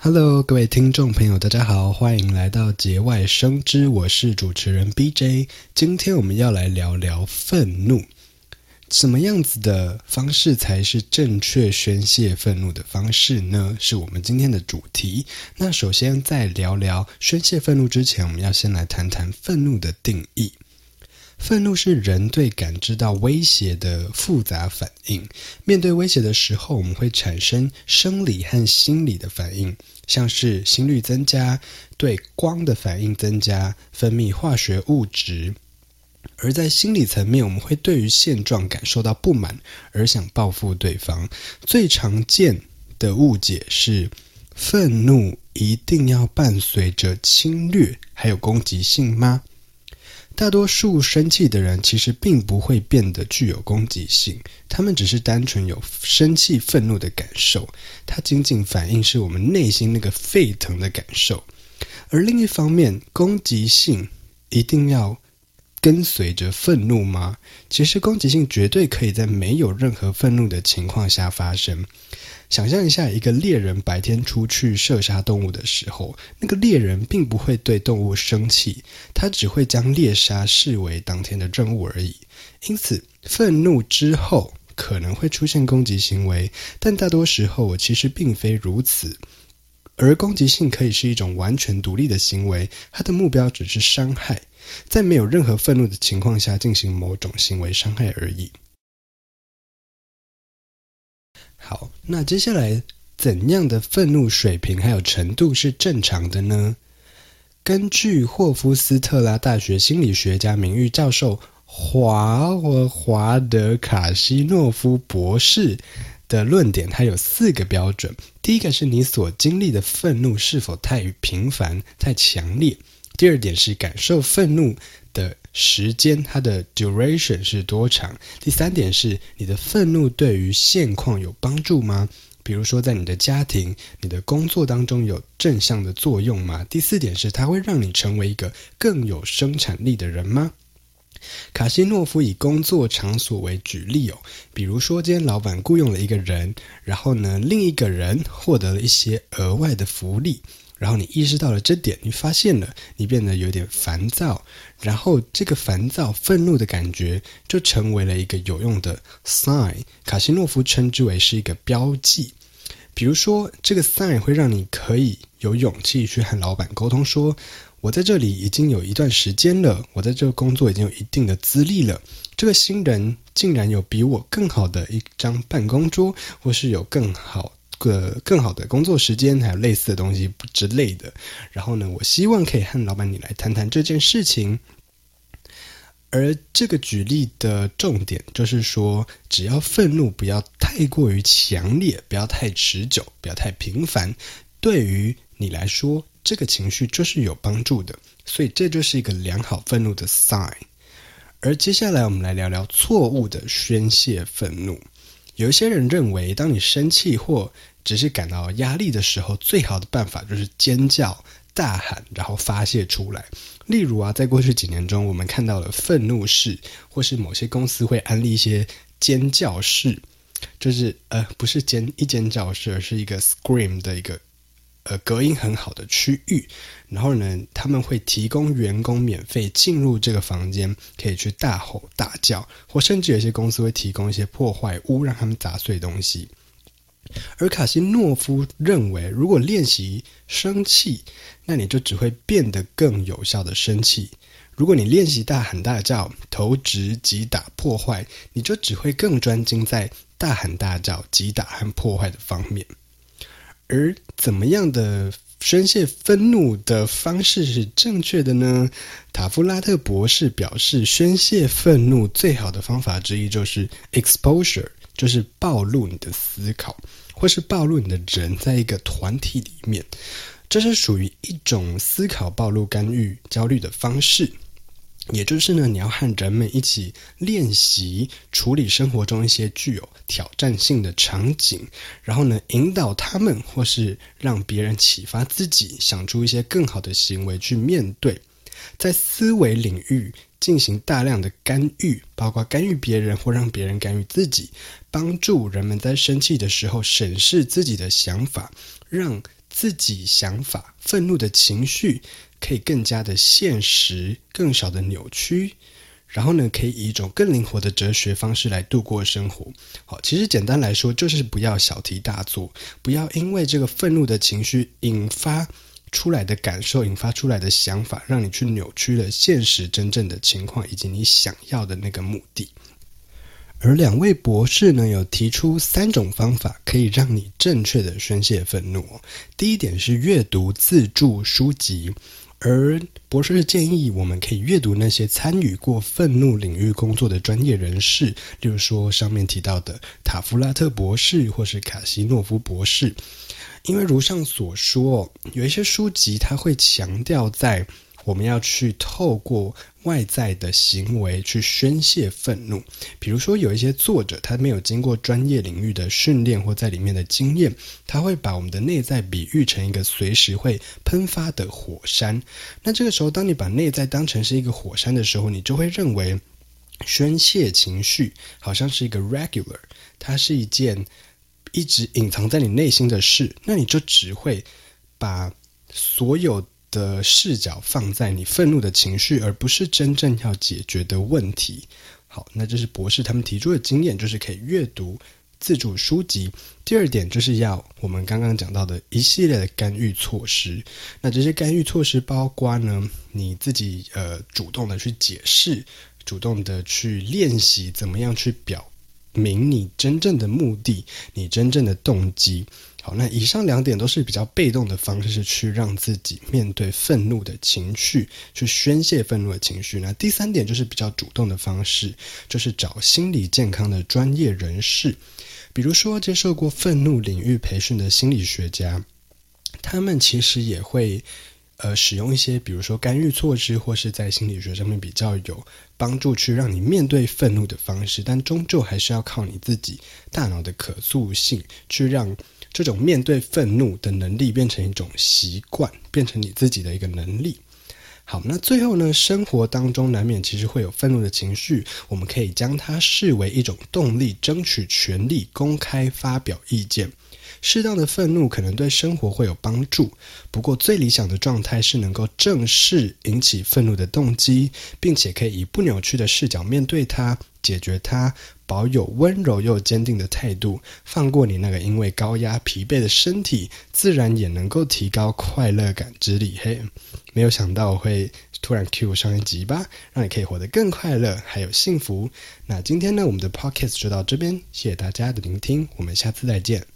Hello，各位聽眾朋友，大家好，歡迎來到節外生枝，我是主持人 BJ。今天我們要來聊聊憤怒，什麼樣子的方式才是正確宣洩憤怒的方式呢？是我們今天的主題。那首先在聊聊宣洩憤怒之前，我們要先來談談憤怒的定義。憤怒是人對感知到威脅的複雜反應。面對威脅的時候，我們會產生生理和心理的反應，像是心率增加、對光的反應增加、分泌化學物質。而在心理層面，我們會對於現狀感受到不滿，而想報復對方。最常見的誤解是，憤怒一定要伴隨着侵略還有攻擊性嗎？大多數生氣的人其實並不會變得具有攻擊性，他們只是單純有生氣、憤怒的感受。它僅僅反映是我們內心那個沸騰的感受。而另一方面，攻擊性一定要。跟隨着憤怒嗎？其實攻擊性絕對可以在沒有任何憤怒的情況下發生。想象一下，一個獵人白天出去射殺動物的時候，那個獵人並不會對動物生氣，他只會將獵殺視為當天的任務而已。因此，憤怒之後可能會出現攻擊行為，但大多時候我其實並非如此。而攻擊性可以是一種完全獨立的行為，它的目標只是傷害。在沒有任何憤怒的情況下進行某種行為傷害而已。好，那接下來怎樣的憤怒水平還有程度是正常的呢？根據霍夫斯特拉大學心理學家名譽教授華和華德卡西諾夫博士的論點，它有四個標準。第一個是你所經歷的憤怒是否太頻繁、太強烈。第二點是感受憤怒的時間，它的 duration 是多長？第三點是你的憤怒對於現況有幫助嗎？比如說在你的家庭、你的工作當中有正向的作用嗎？第四點是它會讓你成為一個更有生產力的人嗎？卡西諾夫以工作場所為舉例哦，比如說今天老板雇傭了一個人，然後呢，另一個人獲得了一些額外的福利。然後你意識到了這點，你發現了，你變得有點煩躁，然後這個煩躁、憤怒的感覺就成為了一個有用的 sign，卡西諾夫稱之為是一個標記。比如說，這個 sign 會讓你可以有勇氣去和老板溝通說，說我在這裡已經有一段時間了，我在這個工作已經有一定的資歷了，這個新人竟然有比我更好的一張辦公桌，或是有更好，個更好的工作時間，還有類似的東西之類的。然後呢，我希望可以和老闆你來談談這件事情。而這個舉例的重點就是說，只要憤怒不要太過於強烈，不要太持久，不要太頻繁，對於你來說，這個情緒就是有幫助的。所以這就是一個良好憤怒的 sign。而接下來我們來聊聊錯誤的宣泄憤怒。有一些人認為，當你生氣或只是感到壓力的時候，最好的辦法就是尖叫、大喊，然後發洩出來。例如啊，在過去幾年中，我們看到了憤怒室，或是某些公司會安利一些尖叫室，就是呃，不是尖一尖叫室，而是一個 scream 的一個。呃，隔音很好的區域，然後呢，他們會提供員工免費進入這個房間，可以去大吼大叫，或甚至有些公司會提供一些破壞屋，讓他們砸碎東西。而卡西諾夫認為，如果練習生氣，那你就只會變得更有效的生氣；如果你練習大喊大叫、投擲、擊打、破壞，你就只會更專精在大喊大叫、擊打和破壞的方面。而怎麼樣的宣洩憤怒的方式是正確的呢？塔夫拉特博士表示，宣洩憤怒最好的方法之一就是 exposure，就是暴露你的思考，或是暴露你的人，在一個團體裡面，這是屬於一種思考暴露干預焦慮的方式。也就是呢，你要和人們一起練習處理生活中一些具有挑戰性的場景，然後呢，引導他們，或是讓別人啟發自己，想出一些更好的行為去面對。在思維領域進行大量的干預，包括干預別人或讓別人干預自己，幫助人們在生氣的時候審視自己的想法，讓自己想法、憤怒的情緒，可以更加的現實，更少的扭曲。然後呢，可以以一種更靈活的哲學方式來度過生活。好，其實簡單來說，就是不要小題大做，不要因為這個憤怒的情緒引發出來的感受、引發出來的想法，讓你去扭曲了現實真正的情況，以及你想要的那個目的。而兩位博士呢，有提出三種方法可以讓你正確的宣洩憤怒。第一點是閱讀自助書籍，而博士是建議我們可以閱讀那些參與過憤怒領域工作的專業人士，例如說上面提到的塔夫拉特博士或是卡西諾夫博士，因為如上所說，有一些書籍它會強調在。我們要去透過外在的行為去宣洩憤怒，比如說有一些作者，他沒有經過專業領域的訓練或在裡面的經驗，他會把我們的內在比喻成一個隨時會噴發的火山。那這個時候，當你把內在當成是一個火山的時候，你就會認為宣洩情緒好像是一個 regular，它是一件一直隱藏在你內心的事。那你就只會把所有。的視角放在你憤怒的情緒，而不是真正要解決的問題。好，那這是博士他們提出的經驗，就是可以閱讀自助書籍。第二點就是要我們剛剛講到的一系列的干預措施。那這些干預措施包括呢，你自己呃主動的去解釋，主動的去練習怎麼樣去表明你真正的目的，你真正的動機。那以上兩點都是比較被動的方式，是去讓自己面對憤怒的情緒，去宣洩憤怒的情緒。那第三點就是比較主動的方式，就是找心理健康的專業人士，比如說接受過憤怒領域培訓的心理學家，他們其實也會，呃，使用一些比如說干預措施，或是在心理學上面比較有幫助，去讓你面對憤怒的方式。但終究還是要靠你自己大腦的可塑性去讓這種面對憤怒的能力變成一種習慣，變成你自己的一個能力。好，那最後呢，生活當中難免其實會有憤怒的情緒，我們可以將它視為一種動力，爭取權利，公開發表意見。適當的憤怒可能對生活會有幫助，不過最理想的狀態是能夠正視引起憤怒的動機，並且可以以不扭曲的視角面對它。解決它，保有溫柔又堅定的態度，放過你那個因為高壓疲憊的身體，自然也能夠提高快樂感知力。嘿，沒有想到我會突然 cue 上一集吧，讓你可以活得更快樂，還有幸福。那今天呢，我們的 Podcast 就到這邊，謝謝大家的聆聽，我們下次再見。